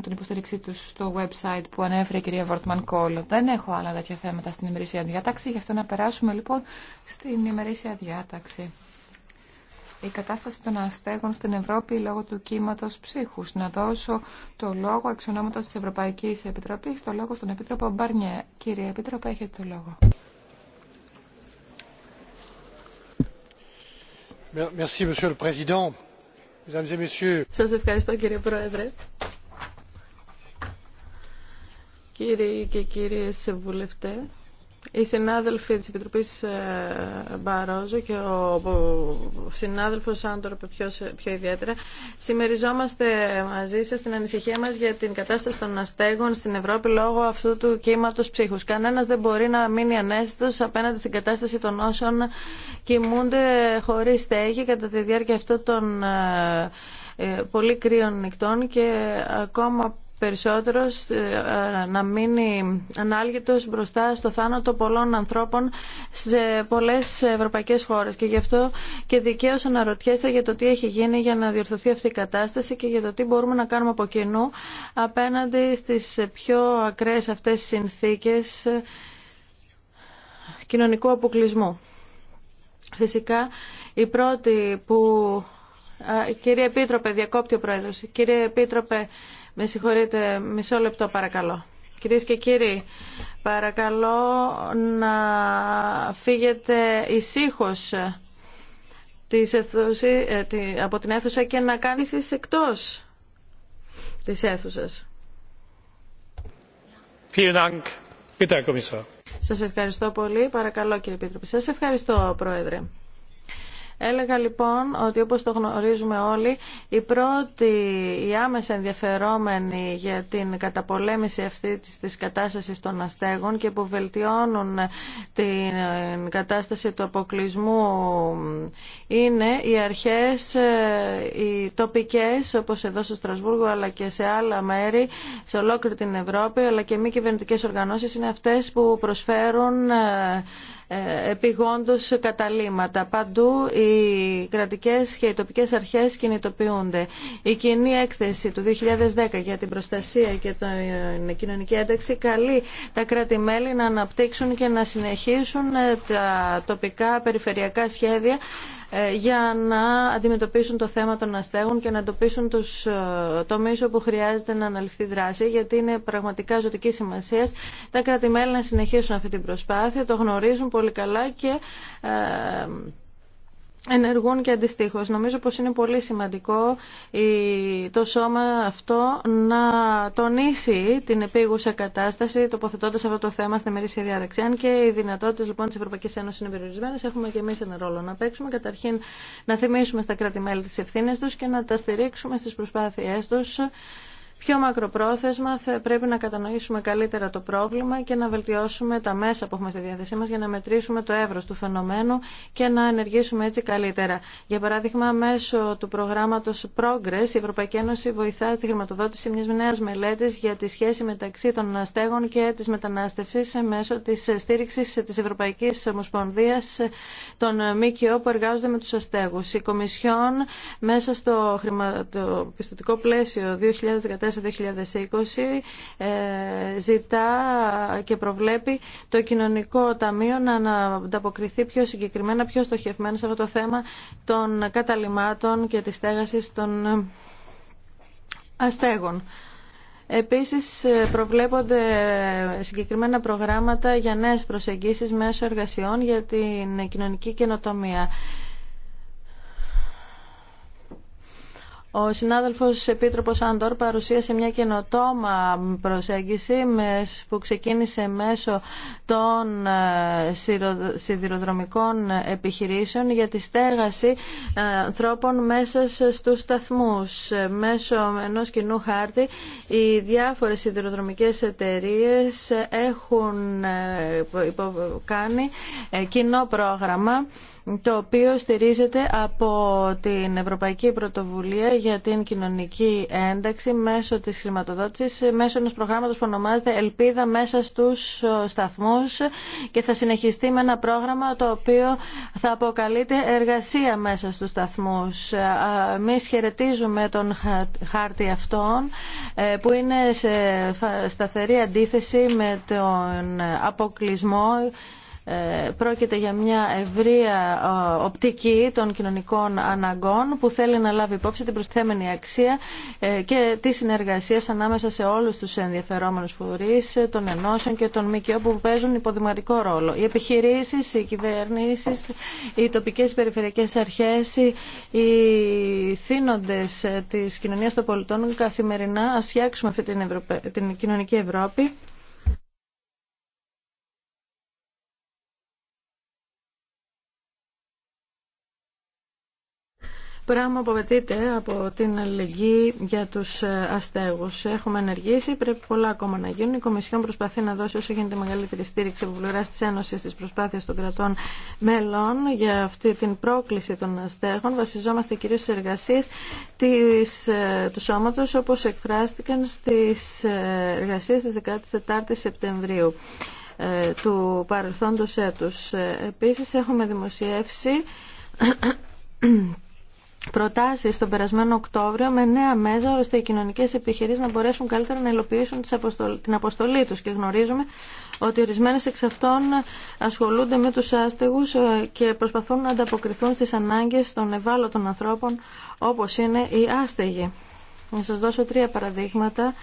την υποστήριξή του στο website που ανέφερε η κυρία Βορτμαν Κόλλο. Δεν έχω άλλα τέτοια θέματα στην ημερήσια διάταξη, γι' αυτό να περάσουμε λοιπόν στην ημερήσια διάταξη. Η κατάσταση των αστέγων στην Ευρώπη λόγω του κύματο ψύχους. Να δώσω το λόγο εξ ονόματο της Ευρωπαϊκής Επιτροπής, το λόγο στον Επίτροπο Μπαρνιέ. Κύριε Επίτροπο, έχετε το λόγο. Merci, ευχαριστώ κύριε Πρόεδρε. Κύριοι και κύριε συμβουλευτέ, οι συνάδελφοι τη Επιτροπή ε, Μπαρόζο και ο συνάδελφο Άντορ πιο, ε, πιο ιδιαίτερα συμμεριζόμαστε μαζί σα την ανησυχία μα για την κατάσταση των αστέγων στην Ευρώπη λόγω αυτού του κύματο ψύχου. Κανένα δεν μπορεί να μείνει ανέστητο απέναντι στην κατάσταση των όσων κοιμούνται χωρί στέγη κατά τη διάρκεια αυτών των ε, πολύ κρύων νυχτών και ακόμα περισσότερο ε, να μείνει ανάλγητος μπροστά στο θάνατο πολλών ανθρώπων σε πολλές ευρωπαϊκές χώρες και γι' αυτό και δικαίως αναρωτιέστε για το τι έχει γίνει για να διορθωθεί αυτή η κατάσταση και για το τι μπορούμε να κάνουμε από κοινού απέναντι στις πιο ακραίες αυτές συνθήκες κοινωνικού αποκλεισμού. Φυσικά, η πρώτη που... Κύριε Επίτροπε, διακόπτει ο Πρόεδρος. Κύριε Επίτροπε, με συγχωρείτε, μισό λεπτό παρακαλώ. Κυρίες και κύριοι, παρακαλώ να φύγετε ησύχως ε, από την αίθουσα και να κάνεις εκτός της αίθουσας. Σας ευχαριστώ πολύ. Παρακαλώ κύριε Πίτροπη. Σας ευχαριστώ Πρόεδρε. Έλεγα λοιπόν ότι όπως το γνωρίζουμε όλοι, η πρώτη, η άμεσα ενδιαφερόμενη για την καταπολέμηση αυτή της, της κατάστασης των αστέγων και που βελτιώνουν την ε, κατάσταση του αποκλεισμού είναι οι αρχές ε, οι τοπικές, όπως εδώ στο Στρασβούργο αλλά και σε άλλα μέρη, σε ολόκληρη την Ευρώπη, αλλά και μη κυβερνητικές οργανώσεις είναι αυτές που προσφέρουν ε, ε, επιγόντως καταλήματα. Παντού οι κρατικές και οι τοπικές αρχές κινητοποιούνται. Η κοινή έκθεση του 2010 για την προστασία και την κοινωνική ένταξη καλεί τα κράτη-μέλη να αναπτύξουν και να συνεχίσουν ε, τα τοπικά περιφερειακά σχέδια ε, για να αντιμετωπίσουν το θέμα των αστέγων και να αντιμετωπίσουν τους ε, τομείς που χρειάζεται να αναλυφθεί δράση γιατί είναι πραγματικά ζωτική σημασία τα κράτη-μέλη να συνεχίσουν αυτή την προσπάθεια, το γνωρίζουν πολύ καλά και ε, ενεργούν και αντιστοίχω. Νομίζω πως είναι πολύ σημαντικό το σώμα αυτό να τονίσει την επίγουσα κατάσταση τοποθετώντας αυτό το θέμα στην μερίσια διάταξη. Αν και οι δυνατότητες λοιπόν της Ευρωπαϊκής Ένωσης είναι περιορισμένες, έχουμε και εμείς ένα ρόλο να παίξουμε. Καταρχήν να θυμίσουμε στα κράτη-μέλη τις ευθύνες τους και να τα στηρίξουμε στις προσπάθειές τους πιο μακροπρόθεσμα θα πρέπει να κατανοήσουμε καλύτερα το πρόβλημα και να βελτιώσουμε τα μέσα που έχουμε στη διάθεσή μας για να μετρήσουμε το εύρος του φαινομένου και να ενεργήσουμε έτσι καλύτερα. Για παράδειγμα, μέσω του προγράμματος Progress, η Ευρωπαϊκή Ένωση βοηθά στη χρηματοδότηση μιας νέας μελέτης για τη σχέση μεταξύ των Αναστέγων και της μετανάστευσης μέσω της στήριξης της Ευρωπαϊκής Ομοσπονδίας των ΜΚΟ που εργάζονται με του αστέγους. Η Κομισιόν μέσα στο χρηματοπιστωτικό πλαίσιο 2014-2020 ε, ζητά και προβλέπει το Κοινωνικό Ταμείο να ανταποκριθεί πιο συγκεκριμένα, πιο στοχευμένα σε αυτό το θέμα των καταλημάτων και της στέγασης των αστέγων. Επίσης ε, προβλέπονται συγκεκριμένα προγράμματα για νέες προσεγγίσεις μέσω εργασιών για την κοινωνική καινοτομία. Ο συνάδελφος Επίτροπος Αντόρ παρουσίασε μια καινοτόμα προσέγγιση που ξεκίνησε μέσω των ε, σιδηροδρομικών επιχειρήσεων για τη στέγαση ε, ανθρώπων μέσα στους σταθμού. Ε, μέσω ενό κοινού χάρτη οι διάφορες σιδηροδρομικές εταιρείε έχουν κάνει κοινό πρόγραμμα το οποίο στηρίζεται από την Ευρωπαϊκή Πρωτοβουλία για την Κοινωνική Ένταξη μέσω της χρηματοδότησης, μέσω ενός προγράμματος που ονομάζεται Ελπίδα μέσα στους σταθμούς και θα συνεχιστεί με ένα πρόγραμμα το οποίο θα αποκαλείται Εργασία μέσα στους σταθμούς. Εμεί χαιρετίζουμε τον χάρτη αυτόν ε, που είναι σε σταθερή αντίθεση με τον αποκλεισμό ε, πρόκειται για μια ευρεία ε, οπτική των κοινωνικών αναγκών που θέλει να λάβει υπόψη την προσθέμενη αξία ε, και τη συνεργασία ανάμεσα σε όλους τους ενδιαφερόμενους φορείς των ενώσεων και των ΜΚΟ που παίζουν υποδηματικό ρόλο. Οι επιχειρήσει, οι κυβερνήσει, οι τοπικές περιφερειακές αρχές, οι θύνοντες της κοινωνία των πολιτών καθημερινά α φτιάξουμε αυτή την, την κοινωνική Ευρώπη Πράγμα που απαιτείται από την αλληλεγγύη για του ε, αστέγου. Έχουμε ενεργήσει, πρέπει πολλά ακόμα να γίνουν. Η Κομισιόν προσπαθεί να δώσει όσο γίνεται μεγαλύτερη στήριξη από πλευρά τη Ένωση στι προσπάθειε των κρατών μέλων για αυτή την πρόκληση των αστέγων. Βασιζόμαστε κυρίω στι εργασίε ε, του σώματο, όπω εκφράστηκαν στι ε, εργασίε τη 14η Σεπτεμβρίου του παρελθόντος έτους. Επίσης έχουμε δημοσιεύσει Προτάσει τον περασμένο Οκτώβριο με νέα μέσα ώστε οι κοινωνικές επιχειρήσεις να μπορέσουν καλύτερα να υλοποιήσουν την αποστολή του. και γνωρίζουμε ότι ορισμένε εξ αυτών ασχολούνται με τους άστεγους ε, και προσπαθούν να ανταποκριθούν στις ανάγκες των ευάλωτων ανθρώπων όπως είναι οι άστεγοι. Να σα δώσω τρία παραδείγματα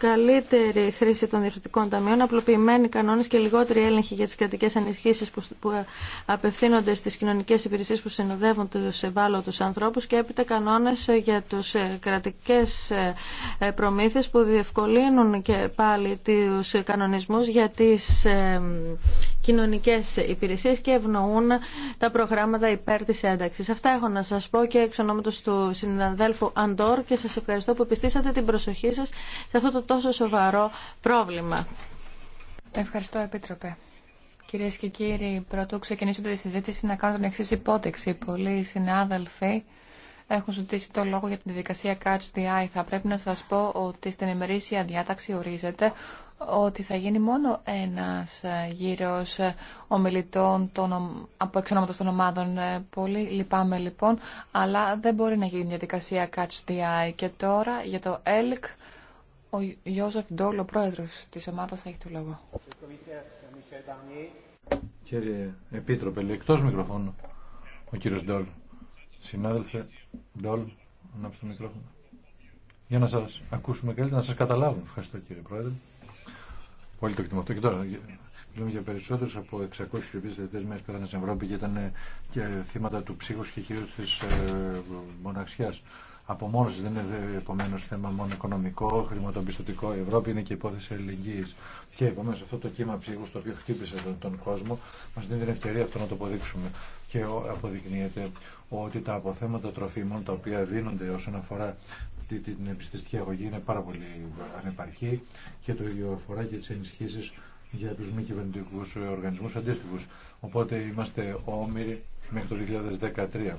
καλύτερη χρήση των διευθυντικών ταμείων, απλοποιημένοι κανόνε και λιγότερη έλεγχη για τι κρατικέ ανισχύσει που ε, απευθύνονται στι κοινωνικέ υπηρεσίε που συνοδεύουν τους ευάλωτου ανθρώπου, και έπειτα κανόνε για τους ε, κρατικέ ε, προμήθειε που διευκολύνουν και πάλι του κανονισμού για τι κοινωνικέ υπηρεσίε και ευνοούν τα προγράμματα υπέρ τη ένταξη. Αυτά έχω να σα πω και εξ ονόματο του συναδέλφου Αντόρ και σα ευχαριστώ που επιστήσατε την προσοχή σα σε αυτό το τόσο σοβαρό πρόβλημα. Ευχαριστώ, Επίτροπε. Κυρίες και κύριοι, πρωτού ξεκινήσω τη συζήτηση να κάνω την εξή υπότεξη. Πολλοί συνάδελφοι έχουν ζητήσει το λόγο για την διαδικασία Catch the Eye. Θα πρέπει να σας πω ότι στην ημερήσια διάταξη ορίζεται ότι θα γίνει μόνο ένας ε, γύρος ε, ομιλητών των, από εξονόματος των ομάδων. Ε, πολύ λυπάμαι λοιπόν, αλλά δεν μπορεί να γίνει διαδικασία Catch the Eye. Και τώρα για το ELK... Ο Ιώσεφ Ντόλ, ο πρόεδρος της ομάδας, έχει το λόγο. Κύριε Επίτροπε, λέει, εκτός μικροφώνου, ο κύριος Ντόλ. Συνάδελφε Ντόλ, ανάψτε το μικρόφωνο. Για να σα ακούσουμε καλύτερα, να σας καταλάβουμε. Ευχαριστώ κύριε Πρόεδρε. Πολύ το εκτιμώ αυτό. Και τώρα, Μιλούμε για περισσότερου από 600 επιθετέ μέρε πέθανε στην Ευρώπη και ήταν και θύματα του ψύχου και κυρίω τη ε, μοναξιά από μόνο δεν είναι ε, επομένω θέμα μόνο οικονομικό, χρηματοπιστωτικό. Η Ευρώπη είναι και υπόθεση αλληλεγγύη. Και επομένω αυτό το κύμα ψύχου το οποίο χτύπησε τον, τον κόσμο μα δίνει την ευκαιρία αυτό να το αποδείξουμε. Και αποδεικνύεται ότι τα αποθέματα τροφίμων τα οποία δίνονται όσον αφορά την επιστηστική αγωγή είναι πάρα πολύ ανεπαρκή και το ίδιο αφορά και τι ενισχύσει για του μη κυβερνητικού οργανισμού αντίστοιχου. Οπότε είμαστε όμοιροι μέχρι το 2013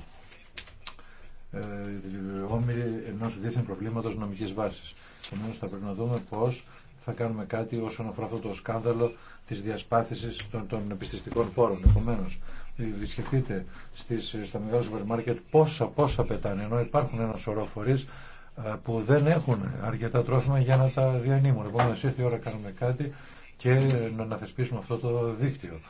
όμοιροι ενό διεθνού προβλήματο νομική βάση. Επομένω, θα πρέπει να δούμε πώ θα κάνουμε κάτι όσον αφορά αυτό το σκάνδαλο τη διασπάθηση των, των επιστηστικών φόρων. Επομένω. σκεφτείτε στις, στα μεγάλα σούπερ μάρκετ πόσα, πόσα πετάνε, ενώ υπάρχουν ένα σωρό φορεί που δεν έχουν αρκετά τρόφιμα για να τα διανύμουν. Επομένω, ήρθε η ώρα να κάνουμε κάτι και να θεσπίσουμε αυτό το δίκτυο.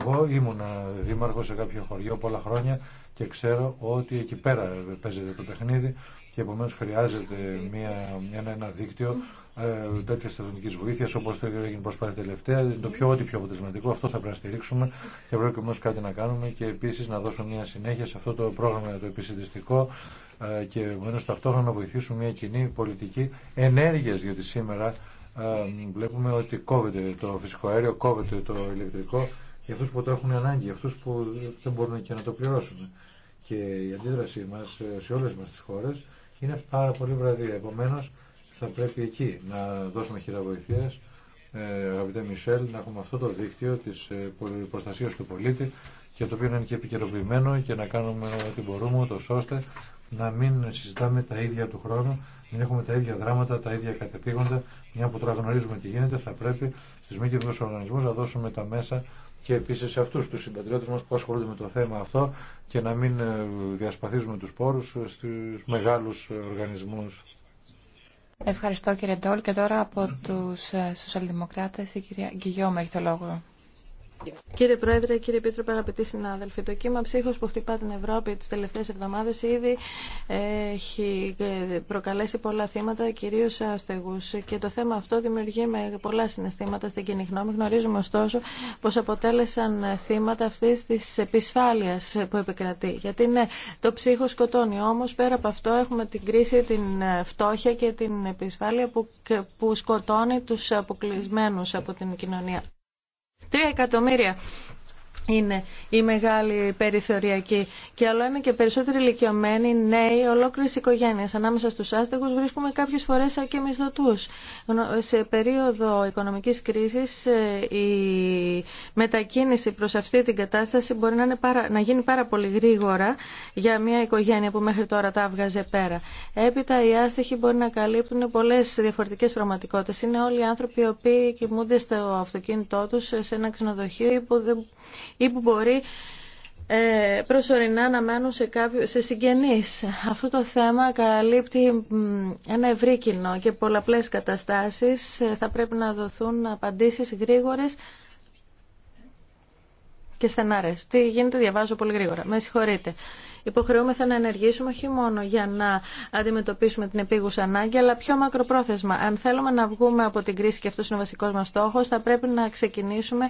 Εγώ ήμουν δήμαρχος σε κάποιο χωριό πολλά χρόνια και ξέρω ότι εκεί πέρα παίζεται το παιχνίδι και επομένω χρειάζεται μια, ένα, ένα δίκτυο ε, τέτοια τεχνική βοήθεια όπω το έγινε προσπάθεια τελευταία. Το πιο ό,τι πιο αποτελεσματικό, αυτό θα πρέπει να στηρίξουμε και πρέπει όμω κάτι να κάνουμε και επίση να δώσουμε μια συνέχεια σε αυτό το πρόγραμμα το επισυντηστικό ε, και επομένω ταυτόχρονα να βοηθήσουμε μια κοινή πολιτική ενέργεια γιατί σήμερα ε, βλέπουμε ότι κόβεται το φυσικό αέριο, κόβεται το ηλεκτρικό για αυτούς που το έχουν ανάγκη, για αυτούς που δεν μπορούν και να το πληρώσουν. Και η αντίδρασή μας ε, σε όλες μας τις χώρες είναι πάρα πολύ βραδία. Επομένως θα πρέπει εκεί να δώσουμε χειραβοηθείας, ε, αγαπητέ Μισελ, να έχουμε αυτό το δίκτυο της ε, προστασίας του πολίτη και το οποίο να είναι και επικαιροποιημένο και να κάνουμε ό,τι μπορούμε, ούτως ώστε να μην συζητάμε τα ίδια του χρόνου, μην έχουμε τα ίδια δράματα, τα ίδια κατεπήγοντα. Μια που τώρα γνωρίζουμε τι γίνεται, θα πρέπει στις μη κυβερνού οργανισμού να δώσουμε τα μέσα και επίσης αυτούς τους συμπατριώτες μας που ασχολούνται με το θέμα αυτό και να μην ε, διασπαθίζουμε τους πόρους ε, στους μεγάλους ε, οργανισμούς. Ευχαριστώ κύριε Ντόλ και τώρα από τους σοσιαλδημοκράτες η κυρία Γκυγιώμα έχει το λόγο. Κύριε Πρόεδρε, κύριε Επίτροπε, αγαπητοί συνάδελφοι, το κύμα ψύχο που χτυπά την Ευρώπη τι τελευταίε εβδομάδε ήδη έχει ε, προκαλέσει πολλά θύματα, κυρίω άστεγου. Και το θέμα αυτό δημιουργεί με πολλά συναισθήματα στην κοινή γνώμη. Γνωρίζουμε ωστόσο πω αποτέλεσαν θύματα αυτή τη επισφάλεια που επικρατεί. Γιατί ναι, το ψύχο σκοτώνει. Όμω πέρα από αυτό έχουμε την κρίση, την φτώχεια και την επισφάλεια που, που σκοτώνει του αποκλεισμένου από την κοινωνία. Τρία εκατομμύρια είναι η μεγάλη περιθεωριακή και άλλο ένα και περισσότεροι ηλικιωμένοι, νέοι, ολόκληρε οικογένειε. Ανάμεσα στου άστεγου βρίσκουμε κάποιες φορές και Σε περίοδο οικονομική κρίση ε, η μετακίνηση προ αυτή την κατάσταση μπορεί να, είναι να γίνει πάρα πολύ γρήγορα για μια οικογένεια που μέχρι τώρα τα έβγαζε πέρα. Έπειτα οι άστεχοι μπορεί να καλύπτουν πολλέ διαφορετικέ πραγματικότητες. Είναι όλοι οι άνθρωποι οι οποίοι κοιμούνται στο αυτοκίνητό του σε ένα ξενοδοχείο που δεν ή που μπορεί ε, προσωρινά να μένουν σε, κάποιο, σε συγγενείς. Αυτό το θέμα καλύπτει ένα ευρύ κοινό και πολλαπλές καταστάσεις. Θα πρέπει να δοθούν απαντήσεις γρήγορες και στενάρε. Τι γίνεται, διαβάζω πολύ γρήγορα. Με συγχωρείτε. Υποχρεούμεθα να ενεργήσουμε όχι μόνο για να αντιμετωπίσουμε την επίγουσα ανάγκη, αλλά πιο μακροπρόθεσμα. Αν θέλουμε να βγούμε από την κρίση, και αυτό είναι ο βασικό μα στόχο, θα πρέπει να ξεκινήσουμε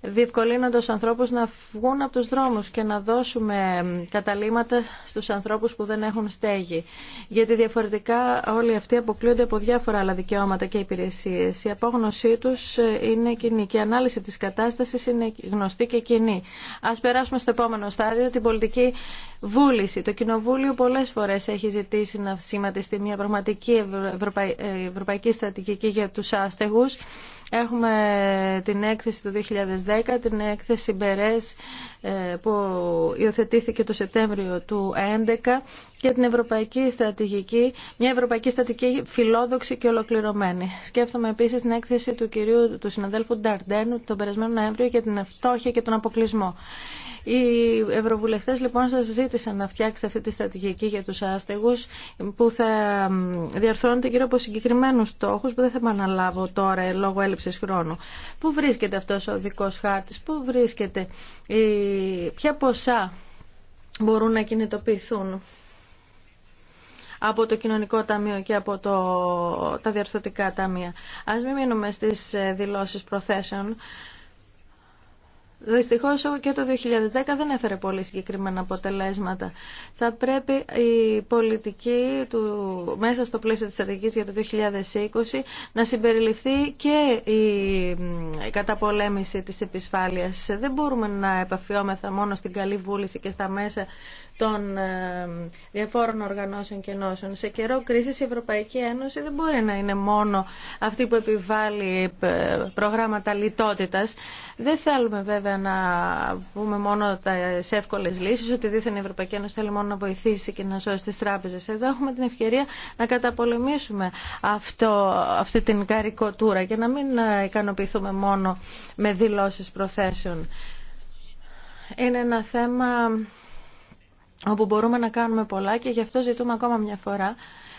διευκολύνοντας ανθρώπους να βγουν από τους δρόμους και να δώσουμε καταλήματα στους ανθρώπους που δεν έχουν στέγη. Γιατί διαφορετικά όλοι αυτοί αποκλείονται από διάφορα άλλα δικαιώματα και υπηρεσίες. Η απόγνωσή τους είναι κοινή και η ανάλυση της κατάστασης είναι γνωστή και κοινή. Ας περάσουμε στο επόμενο στάδιο, την πολιτική βούληση. Το Κοινοβούλιο πολλές φορές έχει ζητήσει να σήματιστεί μια πραγματική ευρωπαϊκή στρατηγική για τους άστεγους Έχουμε την έκθεση του 2010, την έκθεση Μπερές ε, που υιοθετήθηκε το Σεπτέμβριο του 2011 για την ευρωπαϊκή στρατηγική, μια ευρωπαϊκή στρατηγική φιλόδοξη και ολοκληρωμένη. Σκέφτομαι επίση την έκθεση του κυρίου του συναδέλφου Νταρντέν τον περασμένο Νοέμβριο για την φτώχεια και τον αποκλεισμό. Οι ευρωβουλευτέ λοιπόν σα ζήτησαν να φτιάξετε αυτή τη στρατηγική για του άστεγου που θα διαρθρώνεται γύρω από συγκεκριμένου στόχου που δεν θα επαναλάβω τώρα ε, λόγω έλλειψη χρόνου. Πού βρίσκεται αυτό ο δικό χάρτη, πού βρίσκεται, ποια ποσά μπορούν να κινητοποιηθούν από το Κοινωνικό Ταμείο και από το, τα Διαρθωτικά Ταμεία. Ας μην μείνουμε στις ε, δηλώσεις προθέσεων. Δυστυχώ και το 2010 δεν έφερε πολύ συγκεκριμένα αποτελέσματα. Θα πρέπει η πολιτική του, μέσα στο πλαίσιο της στρατηγικής για το 2020 να συμπεριληφθεί και η καταπολέμηση της επισφάλειας. Δεν μπορούμε να επαφιόμεθα μόνο στην καλή βούληση και στα μέσα των ε, διαφόρων οργανώσεων και ενώσεων. Σε καιρό κρίση η Ευρωπαϊκή Ένωση δεν μπορεί να είναι μόνο αυτή που επιβάλλει ε, προγράμματα λιτότητα. Δεν θέλουμε βέβαια να πούμε μόνο σε εύκολε λύσει, ότι δίθεν η Ευρωπαϊκή Ένωση θέλει μόνο να βοηθήσει και να σώσει τι τράπεζε. Εδώ έχουμε την ευκαιρία να καταπολεμήσουμε αυτή την καρικοτούρα και να μην ε, ικανοποιηθούμε μόνο με δηλώσει προθέσεων. Είναι ένα θέμα όπου μπορούμε να κάνουμε πολλά και γι' αυτό ζητούμε ακόμα μια φορά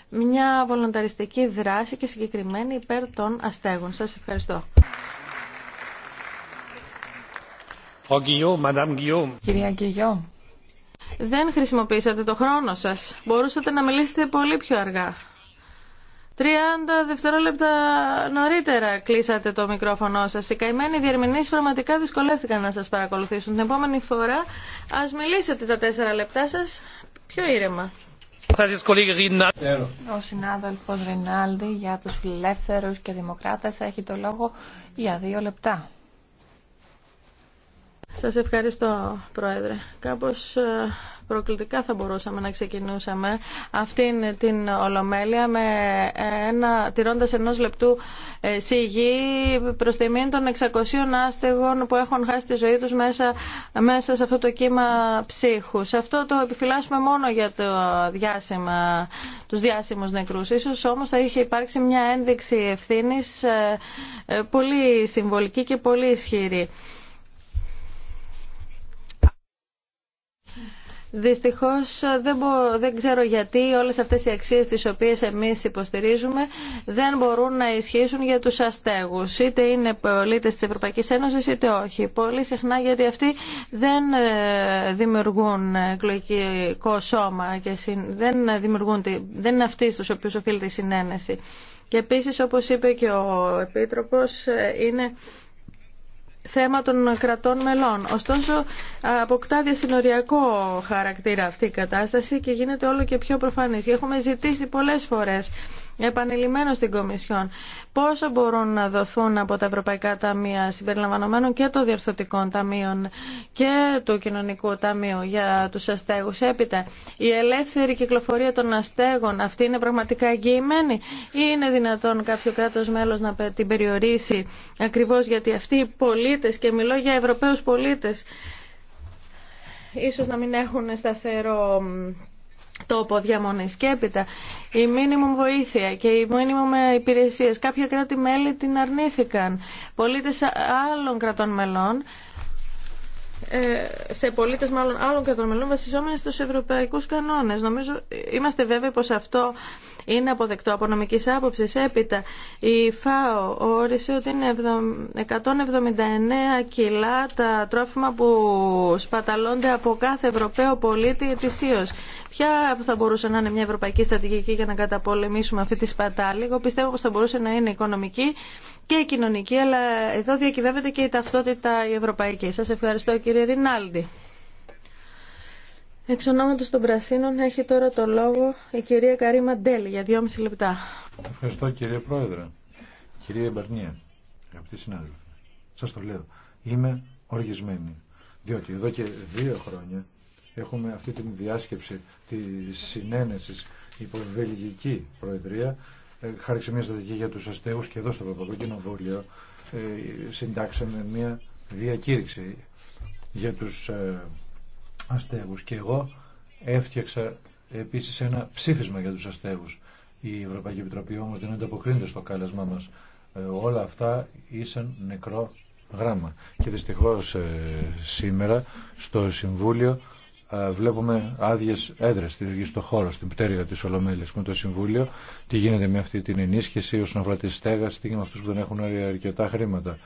μια βολονταριστική δράση και συγκεκριμένη υπέρ των αστέγων. Σας ευχαριστώ. Κυρία δεν χρησιμοποίησατε το χρόνο σας. Μπορούσατε να μιλήσετε πολύ πιο αργά. 30 δευτερόλεπτα νωρίτερα κλείσατε το μικρόφωνο σας. Οι καημένοι διερμηνείς πραγματικά δυσκολεύτηκαν να σας παρακολουθήσουν. Την επόμενη φορά ας μιλήσετε τα τέσσερα λεπτά σας πιο ήρεμα. Ο συνάδελφο Ρινάλδη για τους φιλελεύθερου και δημοκράτες έχει το λόγο για δύο λεπτά. Σας ευχαριστώ, Πρόεδρε. Κάπω. Ε, προκλητικά θα μπορούσαμε να ξεκινούσαμε αυτήν την Ολομέλεια με ένα, τηρώντας ενός λεπτού ε, σιγή προς τιμήν των 600 άστεγων που έχουν χάσει τη ζωή τους μέσα, μέσα σε αυτό το κύμα ψύχου. Σε αυτό το επιφυλάσσουμε μόνο για το διάσημα, τους διάσημους νεκρούς. Ίσως όμως θα είχε υπάρξει μια ένδειξη ευθύνης ε, ε, πολύ συμβολική και πολύ ισχυρή. Δυστυχώ δεν, δεν ξέρω γιατί όλες αυτές οι αξίες τις οποίες εμείς υποστηρίζουμε δεν μπορούν να ισχύσουν για του αστέγου Είτε είναι πολιτε τη Ευρωπαϊκής Ένωσης είτε όχι. Πολύ συχνά γιατί αυτοί δεν ε, δημιουργούν εκλογικό σώμα και δεν, δημιουργούν, δεν είναι αυτοί στου οποίου οφείλεται η συνένεση. Και επίσης όπω είπε και ο Επίτροπος ε, είναι θέμα των κρατών μελών. Ωστόσο, αποκτά διασυνοριακό χαρακτήρα αυτή η κατάσταση και γίνεται όλο και πιο προφανής. Έχουμε ζητήσει πολλές φορές επανειλημμένο στην Κομισιόν. Πόσο μπορούν να δοθούν από τα Ευρωπαϊκά Ταμεία συμπεριλαμβανομένων και των Διορθωτικών Ταμείων και του Κοινωνικού Ταμείου για τους αστέγους. Έπειτα, η ελεύθερη κυκλοφορία των αστέγων αυτή είναι πραγματικά εγγυημένη ή είναι δυνατόν κάποιο κράτος μέλος να την περιορίσει ακριβώς γιατί αυτοί οι πολίτες και μιλώ για Ευρωπαίους πολίτες ίσως να μην έχουν σταθερό το ποδιαμονη και έπειτα η μήνυμο βοήθεια και η μήνυμο υπηρεσίες. Κάποια κράτη-μέλη την αρνήθηκαν. Πολίτες άλλων κρατών μελών ε, σε πολίτες μάλλον άλλων κρατών μελών βασιζόμενοι στους ευρωπαϊκούς κανόνες. Νομίζω, είμαστε βέβαιοι πως αυτό είναι αποδεκτό από νομικής άποψης. Έπειτα η ΦΑΟ όρισε ότι είναι 179 κιλά τα τρόφιμα που σπαταλώνται από κάθε Ευρωπαίο πολίτη ετησίως. Ποια θα μπορούσε να είναι μια ευρωπαϊκή στρατηγική για να καταπολεμήσουμε αυτή τη σπατάλη. Εγώ πιστεύω πως θα μπορούσε να είναι οικονομική και κοινωνική, αλλά εδώ διακυβεύεται και η ταυτότητα η ευρωπαϊκή. Σας ευχαριστώ κύριε Ρινάλντι. Εξ ονόματος των Πρασίνων έχει τώρα το λόγο η κυρία Καρίμα Μαντέλη για δυόμιση λεπτά. Ευχαριστώ κύριε Πρόεδρε. Κυρία Μπαρνία, αγαπητοί συνάδελφοι, σας το λέω, είμαι οργισμένη. Διότι εδώ και δύο χρόνια έχουμε αυτή τη διάσκεψη τη συνένεση υπό Βελγική Προεδρία ε, χάρη μια στρατηγική για τους αστέους και εδώ στο Ευρωπαϊκό ε, συντάξαμε μια διακήρυξη για τους ε, αστέγους και εγώ έφτιαξα επίσης ένα ψήφισμα για τους αστέγους. Η Ευρωπαϊκή Επιτροπή όμως δεν ανταποκρίνεται στο κάλεσμά μας. Ε, όλα αυτά ήσαν νεκρό γράμμα. Και δυστυχώς ε, σήμερα στο Συμβούλιο ε, βλέπουμε άδειε έδρε στο χώρο, στην πτέρυγα τη ολομέλειας με το Συμβούλιο. Τι γίνεται με αυτή την ενίσχυση όσον αφορά τη στέγαση, τι γίνεται με αυτού που δεν έχουν αρκετά χρήματα.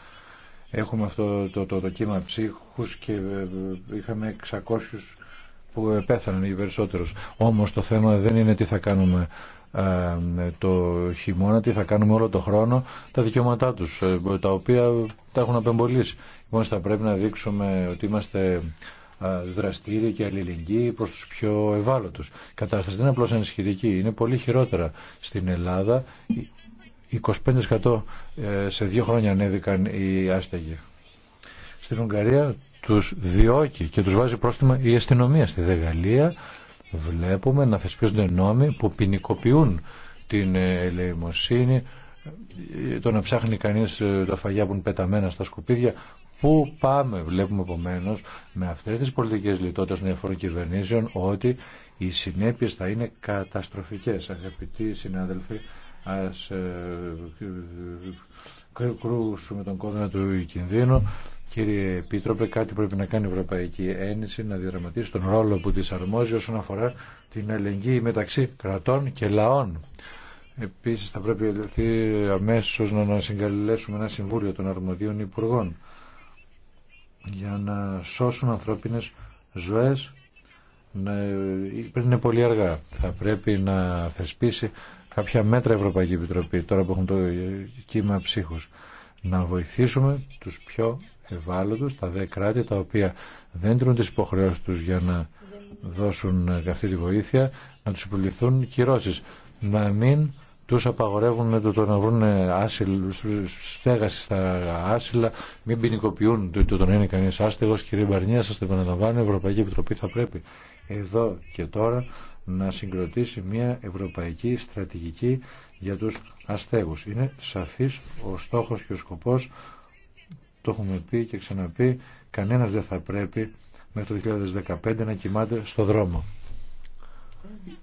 Έχουμε αυτό το, το, το κύμα ψύχους και ε, ε, είχαμε 600 που πέθαναν οι περισσότερους. Όμως το θέμα δεν είναι τι θα κάνουμε ε, το χειμώνα, τι θα κάνουμε όλο το χρόνο, τα δικαιώματά τους, τα οποία τα έχουν απεμπολίσει. Λοιπόν, θα πρέπει να δείξουμε ότι είμαστε δραστήριοι και αλληλεγγύοι προς τους πιο ευάλωτους. Η κατάσταση δεν είναι απλώς ανησυχητική, είναι πολύ χειρότερα. Στην Ελλάδα 25% ε, σε δύο χρόνια ανέβηκαν οι άστεγοι. Στην Ουγγαρία τους διώκει και τους βάζει πρόστιμα η αστυνομία. Στη Δεγαλία βλέπουμε να θεσπίζονται νόμοι που ποινικοποιούν την ε, ελεημοσύνη, ε, το να ψάχνει κανείς τα φαγιά που είναι πεταμένα στα σκουπίδια. Πού πάμε, βλέπουμε επομένω με αυτές τις πολιτικές λιτότητες των διαφορών κυβερνήσεων ότι οι συνέπειες θα είναι καταστροφικές, αγαπητοί συνάδελφοι ας ε, ε, ε, κρούσουμε τον κόδωνα του κινδύνου. Κύριε Επίτροπε, κάτι πρέπει να κάνει η Ευρωπαϊκή Ένωση να διαδραματίσει τον ρόλο που της αρμόζει όσον αφορά την ελεγγύη μεταξύ κρατών και λαών. Επίσης θα πρέπει αμέσω αμέσως να συγκαλέσουμε ένα συμβούλιο των αρμοδίων υπουργών για να σώσουν ανθρώπινες ζωές πριν είναι πολύ αργά. Θα πρέπει να θεσπίσει κάποια μέτρα Ευρωπαϊκή Επιτροπή, τώρα που έχουν το κύμα ψύχους, να βοηθήσουμε τους πιο ευάλωτους, τα δε κράτη τα οποία δεν τρούν τις υποχρεώσεις τους για να δώσουν αυτή τη βοήθεια, να τους υποληθούν κυρώσεις. Να μην τους απαγορεύουν το, το να βρουν στέγαση στα άσυλα, μην ποινικοποιούν το, να είναι κανείς άστεγος. Κύριε Μπαρνία, σας το επαναλαμβάνω, η Ευρωπαϊκή Επιτροπή θα πρέπει εδώ και τώρα να συγκροτήσει μια ευρωπαϊκή στρατηγική για τους αστέγους. Είναι σαφής ο στόχος και ο σκοπός, το έχουμε πει και ξαναπεί, κανένας δεν θα πρέπει μέχρι το 2015 να κοιμάται στο δρόμο.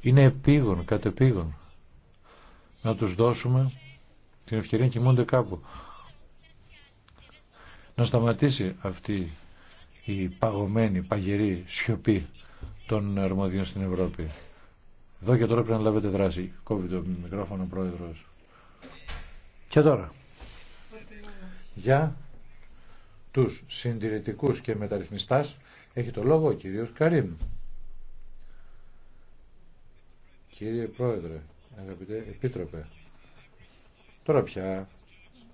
Είναι επίγον, κατεπίγον να τους δώσουμε την ευκαιρία να κοιμούνται κάπου. Να σταματήσει αυτή η παγωμένη, παγερή σιωπή των αρμόδιων στην Ευρώπη. Εδώ και τώρα πρέπει να λάβετε δράση. Κόβει το μικρόφωνο ο πρόεδρος. Και τώρα. Για τους συντηρητικούς και μεταρρυθμιστάς έχει το λόγο ο κύριος Καρίμ. Κύριε Πρόεδρε, αγαπητέ Επίτροπε, τώρα πια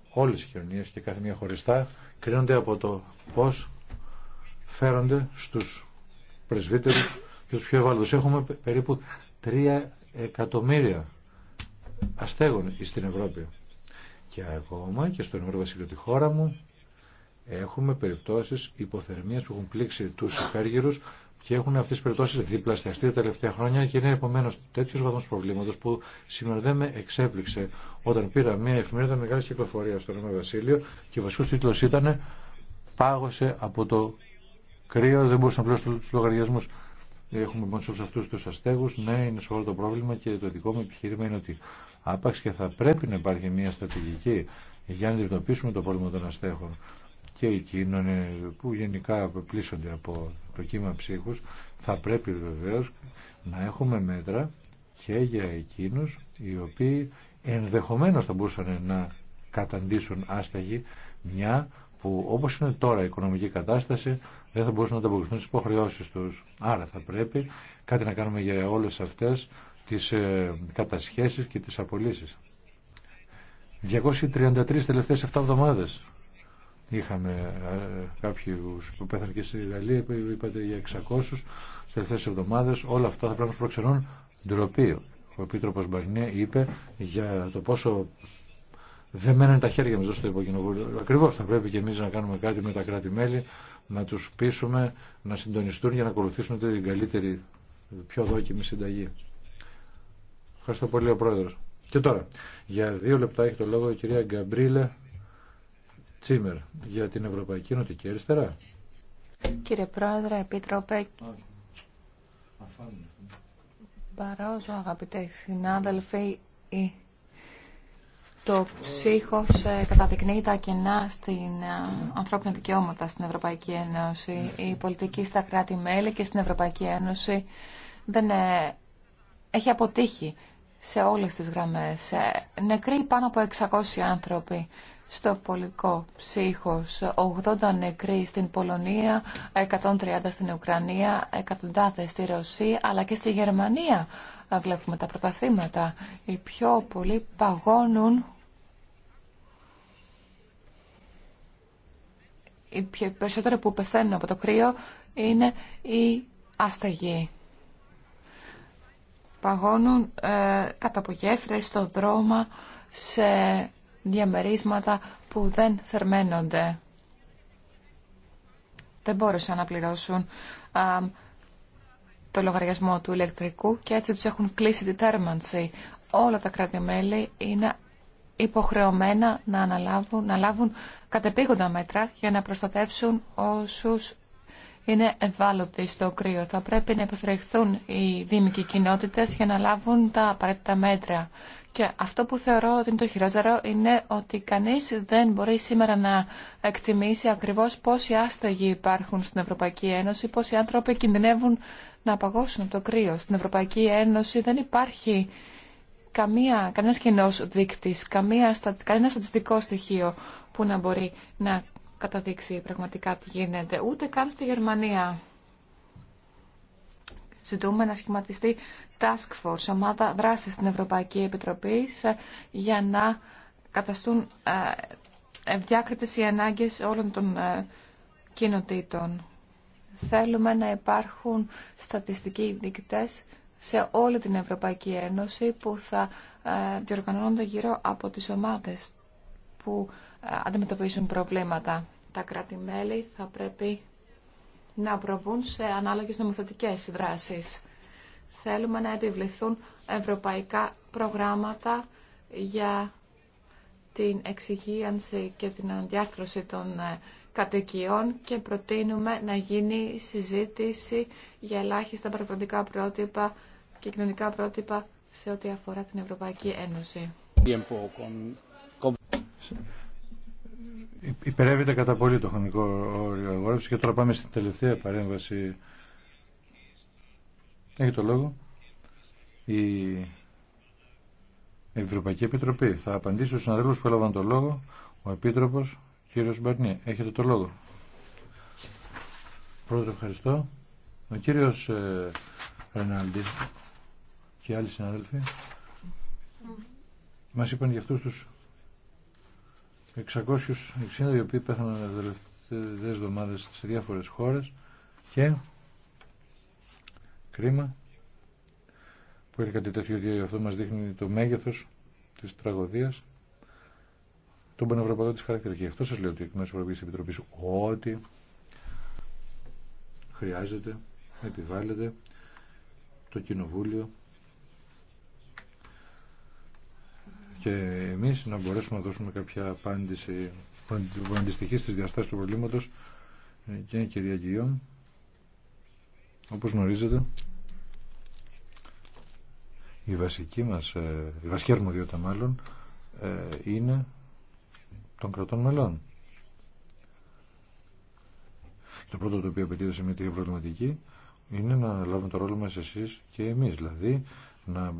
όλες οι κοινωνίες και κάθε μία χωριστά κρίνονται από το πώς φέρονται στους πρεσβύτερους και τους πιο ευάλωτους. Έχουμε περίπου Τρία εκατομμύρια αστέγων στην Ευρώπη. Και ακόμα και στον Ευρωβασίλειο τη χώρα μου έχουμε περιπτώσεις υποθερμίας που έχουν πλήξει τους υπέργυρους και έχουν αυτές τις περιπτώσεις διπλασιαστεί τα τελευταία χρόνια και είναι επομένω τέτοιος βαθμός προβλήματος που σήμερα δεν με εξέπληξε όταν πήρα μια εφημερίδα μεγάλη κυκλοφορία στο Ρωμαίο Βασίλειο και ο βασικός τίτλος ήταν «Πάγωσε από το κρύο, δεν μπορούσε να πληρώσει τους λογαριασμούς» έχουμε μόνο λοιπόν σε αυτού του αστέγου. Ναι, είναι σοβαρό το πρόβλημα και το δικό μου επιχείρημα είναι ότι άπαξ και θα πρέπει να υπάρχει μια στρατηγική για να αντιμετωπίσουμε το πρόβλημα των αστέχων και εκείνων ε, που γενικά πλήσονται από το κύμα ψύχους θα πρέπει βεβαίως να έχουμε μέτρα και για εκείνους οι οποίοι ενδεχομένως θα μπορούσαν να καταντήσουν άσταγη μια που όπως είναι τώρα η οικονομική κατάσταση δεν θα μπορούσαν να ανταποκριθούν στις υποχρεώσεις τους. Άρα θα πρέπει κάτι να κάνουμε για όλες αυτές τις ε, κατασχέσεις και τις απολύσεις. 233 τελευταίες 7 εβδομάδες είχαμε ε, κάποιους που πέθανε και στη Γαλλία, που είπατε για 600 τελευταίες εβδομάδες. Όλα αυτά θα πρέπει να προξενούν ντροπή. Ο Επίτροπος Μπαγνέ είπε για το πόσο δεν δεμέναν τα χέρια μας στο Υποκοινοβούλιο. Ακριβώς θα πρέπει και εμείς να κάνουμε κάτι με τα κράτη-μέλη, να τους πείσουμε να συντονιστούν για να ακολουθήσουν την καλύτερη, πιο δόκιμη συνταγή. Ευχαριστώ πολύ ο Πρόεδρος. Και τώρα, για δύο λεπτά έχει το λόγο η κυρία Γκαμπρίλε Τσίμερ για την Ευρωπαϊκή Νοτική Αριστερά. Κύριε Πρόεδρε, Επίτροπε, παρόζω αγαπητέ συνάδελφοι, το ψύχος καταδεικνύει τα κενά στην ε, ανθρώπινα δικαιώματα στην Ευρωπαϊκή Ένωση. Η πολιτική στα κράτη-μέλη και στην Ευρωπαϊκή Ένωση δεν ε, έχει αποτύχει σε όλες τις γραμμές. Ε, νεκροί πάνω από 600 άνθρωποι στο πολικό ψύχος, 80 νεκροί στην Πολωνία, 130 στην Ουκρανία, εκατοντάδες στη Ρωσία, αλλά και στη Γερμανία βλέπουμε τα πρωταθήματα. Οι πιο πολλοί παγώνουν οι περισσότεροι που πεθαίνουν από το κρύο είναι οι άσταγοι. Παγώνουν ε, κατά γέφυρες, στο δρόμο, σε διαμερίσματα που δεν θερμαίνονται. Δεν μπόρεσαν να πληρώσουν το λογαριασμό του ηλεκτρικού και έτσι τους έχουν κλείσει τη θέρμανση. Όλα τα κράτη-μέλη είναι υποχρεωμένα να, αναλάβουν, να λάβουν κατεπήγοντα μέτρα για να προστατεύσουν όσους είναι ευάλωτοι στο κρύο. Θα πρέπει να υποστηριχθούν οι δήμικοι κοινότητε για να λάβουν τα απαραίτητα μέτρα. Και αυτό που θεωρώ ότι είναι το χειρότερο είναι ότι κανείς δεν μπορεί σήμερα να εκτιμήσει ακριβώς πόσοι άστεγοι υπάρχουν στην Ευρωπαϊκή Ένωση, πόσοι άνθρωποι κινδυνεύουν να παγώσουν από το κρύο. Στην Ευρωπαϊκή Ένωση δεν υπάρχει καμία, κανένας κοινός δείκτης, καμία, κανένα στατιστικό στοιχείο που να μπορεί να καταδείξει πραγματικά τι γίνεται, ούτε καν στη Γερμανία. Ζητούμε να σχηματιστεί task force, ομάδα δράσης στην Ευρωπαϊκή Επιτροπή για να καταστούν ε, ευδιάκριτες οι ανάγκες όλων των ε, κοινοτήτων. Θέλουμε να υπάρχουν στατιστικοί δείκτες σε όλη την Ευρωπαϊκή Ένωση που θα ε, διοργανώνονται γύρω από τις ομάδες που ε, αντιμετωπίζουν προβλήματα. Τα κράτη-μέλη θα πρέπει να προβούν σε ανάλογες νομοθετικές δράσεις. Θέλουμε να επιβληθούν ευρωπαϊκά προγράμματα για την εξυγίανση και την αντιάρθρωση των ε, κατοικιών και προτείνουμε να γίνει συζήτηση για ελάχιστα παραγωγικά πρότυπα και κοινωνικά πρότυπα σε ό,τι αφορά την Ευρωπαϊκή Ένωση. Υπερεύεται κατά πολύ το χρονικό όριο αγόρευση και τώρα πάμε στην τελευταία παρέμβαση. Έχει το λόγο. Η Ευρωπαϊκή Επιτροπή θα απαντήσει στους συναδέλφους που έλαβαν το λόγο. Ο Επίτροπος, κύριος Μπαρνί, έχετε το λόγο. Πρόεδρε, ευχαριστώ. Ο κύριος ε, Ρενάλντι και άλλοι συναδέλφοι μας είπαν για αυτούς τους 660 οι οποίοι πέθαναν τις τελευταίες εβδομάδες σε διάφορες χώρες και κρίμα που έρχεται κάτι τέτοιο διότι αυτό μας δείχνει το μέγεθος της τραγωδίας τον πανευρωπαϊκό της χαρακτήρα και αυτό σας λέω ότι εκ τη Ευρωπαϊκής Επιτροπής ότι χρειάζεται επιβάλλεται το Κοινοβούλιο και εμείς να μπορέσουμε να δώσουμε κάποια απάντηση που αντιστοιχεί στις διαστάσεις του προβλήματος ε, και κυρία όπως γνωρίζετε η βασική μας ε, η βασική αρμοδιότητα μάλλον ε, είναι των κρατών μελών το πρώτο το οποίο απαιτείται σε μια τέτοια προβληματική είναι να λάβουμε το ρόλο μας εσείς και εμείς δηλαδή να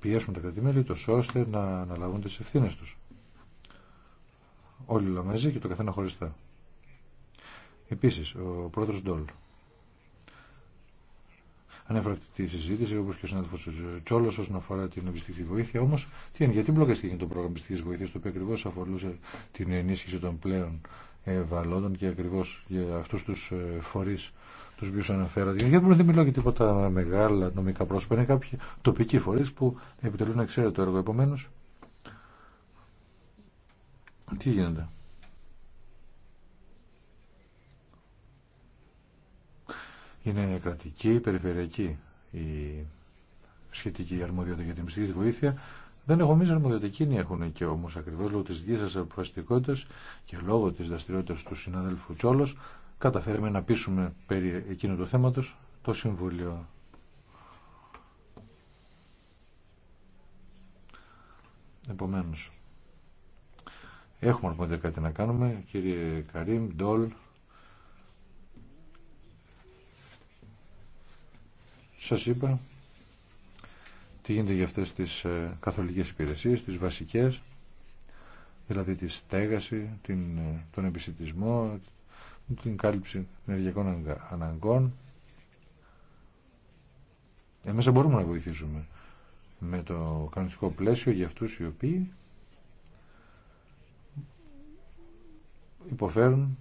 πιέσουν τα κρατημέλη τόσο ώστε να αναλάβουν τις ευθύνες τους. Όλοι μαζί και το καθένα χωριστά. Επίσης, ο πρόεδρος Ντόλ ανέφερα τη συζήτηση, όπω και ο συνάδελφο Τσόλο, όσον αφορά την εμπιστική βοήθεια. Όμω, τι είναι, γιατί μπλοκαστήκε το πρόγραμμα εμπιστική βοήθεια, το οποίο ακριβώ αφορούσε την ενίσχυση των πλέον βαλόντων και ακριβώ για αυτού του ε, φορεί του οποίου αναφέρατε. Γιατί δεν μιλάω για τίποτα μεγάλα νομικά πρόσωπα. Είναι κάποιοι τοπικοί φορεί που επιτελούν το έργο. Επομένω, τι γίνεται. Είναι κρατική, περιφερειακή η σχετική αρμοδιότητα για την ψυχική βοήθεια. Δεν έχω εμεί αρμοδιότητα, έχουν και όμω ακριβώ λόγω τη δική σα αποφασιστικότητα και λόγω τη δραστηριότητα του συναδέλφου Τσόλο καταφέραμε να πείσουμε περί εκείνου του θέματος το Συμβούλιο. Επομένως, έχουμε αρμόδια κάτι να κάνουμε, κύριε Καρίμ, Ντόλ, σας είπα τι γίνεται για αυτές τις ε, καθολικές υπηρεσίες, τις βασικές, δηλαδή τη στέγαση, την, ε, τον επισητισμό, την κάλυψη ενεργειακών αναγκών. Εμείς μπορούμε να βοηθήσουμε με το κανονιστικό πλαίσιο για αυτούς οι οποίοι υποφέρουν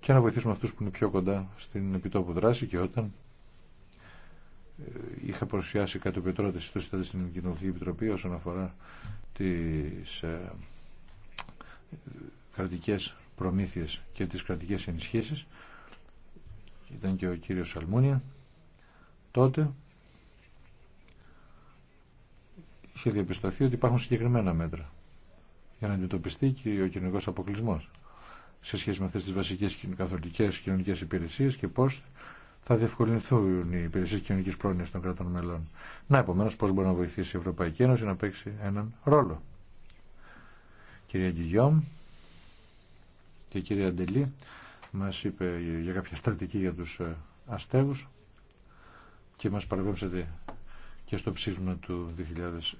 και να βοηθήσουμε αυτούς που είναι πιο κοντά στην επιτόπου δράση και όταν ε, είχα παρουσιάσει κάτι που τώρα το στην Κοινοβουλική Επιτροπή όσον αφορά τις ε, κρατικές προμήθειες και τις κρατικές ενισχύσεις ήταν και ο κύριος Σαλμούνια τότε είχε διαπιστωθεί ότι υπάρχουν συγκεκριμένα μέτρα για να αντιμετωπιστεί και ο κοινωνικό αποκλεισμό σε σχέση με αυτέ τι βασικέ καθολικέ κοινωνικέ υπηρεσίε και πώ θα διευκολυνθούν οι υπηρεσίε κοινωνική πρόνοια των κρατών μελών. Να, επομένω, πώ μπορεί να βοηθήσει η Ευρωπαϊκή Ένωση να παίξει έναν ρόλο. Κυρία Γκυγιόμ, και η κυρία Ντελή μας είπε για κάποια στρατική για τους ε, αστέγους και μας παρακόμψατε και στο ψήφισμα του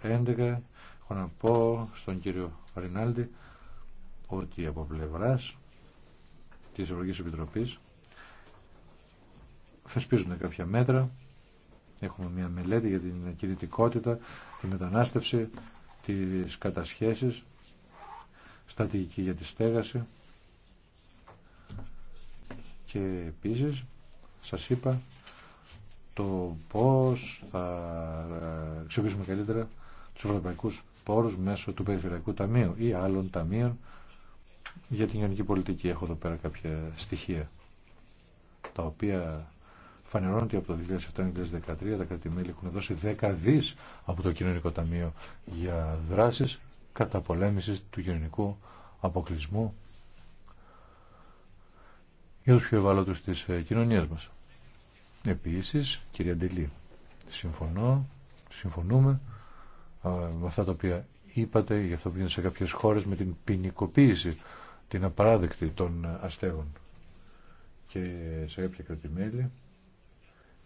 2011. Έχω να πω στον κύριο Ρινάλντι ότι από πλευρά της Ευρωπαϊκής Επιτροπής θεσπίζουν κάποια μέτρα. Έχουμε μια μελέτη για την κινητικότητα, τη μετανάστευση, τις κατασχέσεις, στατική για τη στέγαση και επίσης σας είπα το πώς θα αξιοποιήσουμε καλύτερα τους ευρωπαϊκούς πόρους μέσω του Περιφερειακού Ταμείου ή άλλων ταμείων για την γενική πολιτική. Έχω εδώ πέρα κάποια στοιχεία τα οποία φανερώνουν ότι από το 2007-2013 τα κρατημέλη έχουν δώσει 10 δις από το Κοινωνικό Ταμείο για δράσεις πολέμησης του γενικού αποκλεισμού για τους πιο ευάλωτους της ε, κοινωνίας μας. Επίσης, κυρία Ντελή, συμφωνώ, συμφωνούμε ε, με αυτά τα οποία είπατε για αυτό που γίνεται σε κάποιες χώρες με την ποινικοποίηση, την απαράδεκτη των ε, αστέγων. Και σε κάποια κρατημέλη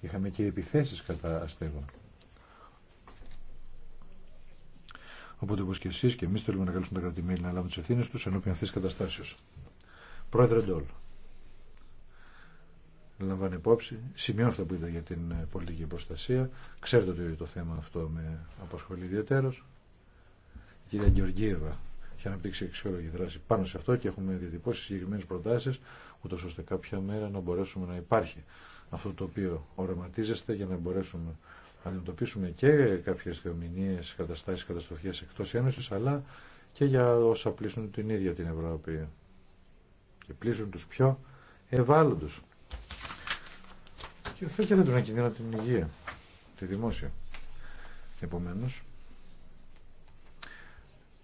είχαμε και επιθέσεις κατά αστέγων. Οπότε όπως και εσεί και εμεί θέλουμε να καλούσουμε τα κρατημέλη να λάβουν τις ευθύνε του ενώπιον αυτή τη καταστάσεω. Πρόεδρε Ντόλ λαμβάνει υπόψη. Σημειώνω αυτό που είπε για την ε, πολιτική προστασία. Ξέρετε ότι το θέμα αυτό με απασχολεί ιδιαίτερω. Η κυρία Γεωργίευα έχει αναπτύξει αξιόλογη δράση πάνω σε αυτό και έχουμε διατυπώσει συγκεκριμένε προτάσει, ούτω ώστε κάποια μέρα να μπορέσουμε να υπάρχει αυτό το οποίο οραματίζεστε για να μπορέσουμε να αντιμετωπίσουμε και κάποιε θεομηνίε, καταστάσει, καταστροφέ εκτό Ένωση, αλλά και για όσα πλήσουν την ίδια την Ευρώπη και πλήσουν τους πιο ευάλωτους και θα και δεν τον κινδύνο την υγεία, τη δημόσια. επομένω.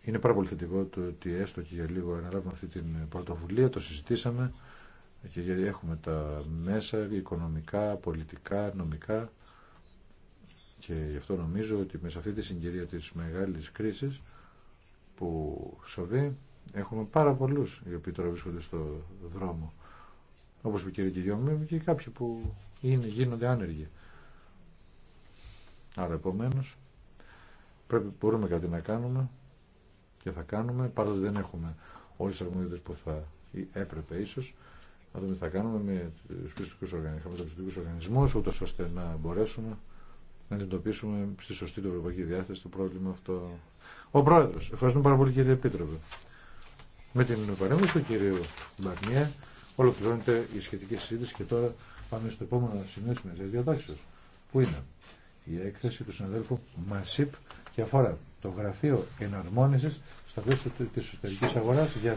είναι πάρα πολύ θετικό το ότι έστω και για λίγο αναλάβουμε αυτή την πρωτοβουλία, το συζητήσαμε και έχουμε τα μέσα οικονομικά, πολιτικά, νομικά και γι' αυτό νομίζω ότι μέσα αυτή τη συγκυρία της μεγάλης κρίσης που σοβεί έχουμε πάρα πολλούς οι οποίοι τώρα βρίσκονται στο δρόμο όπως είπε η κυρία μου, και κάποιοι που είναι, γίνονται άνεργοι. Άρα επομένω πρέπει, μπορούμε κάτι να κάνουμε και θα κάνουμε, ότι δεν έχουμε όλες τις αρμονίδες που θα έπρεπε ίσως, να δούμε τι θα κάνουμε με τους πιστικού οργανισμούς, ούτω ούτως ώστε να μπορέσουμε να αντιμετωπίσουμε στη σωστή του ευρωπαϊκή διάθεση το πρόβλημα αυτό. Ο πρόεδρο, ευχαριστούμε πάρα πολύ κύριε Επίτροπε. Με την παρέμβαση του κυρίου Μπαρνιέ, Ολοκληρώνεται η σχετική συζήτηση και τώρα πάμε στο επόμενο σημείο τις Διατάξεις, Πού είναι η έκθεση του συναδέλφου Μασίπ και αφορά το Γραφείο Εναρμόνισης στα πλαίσια της εσωτερικής αγοράς για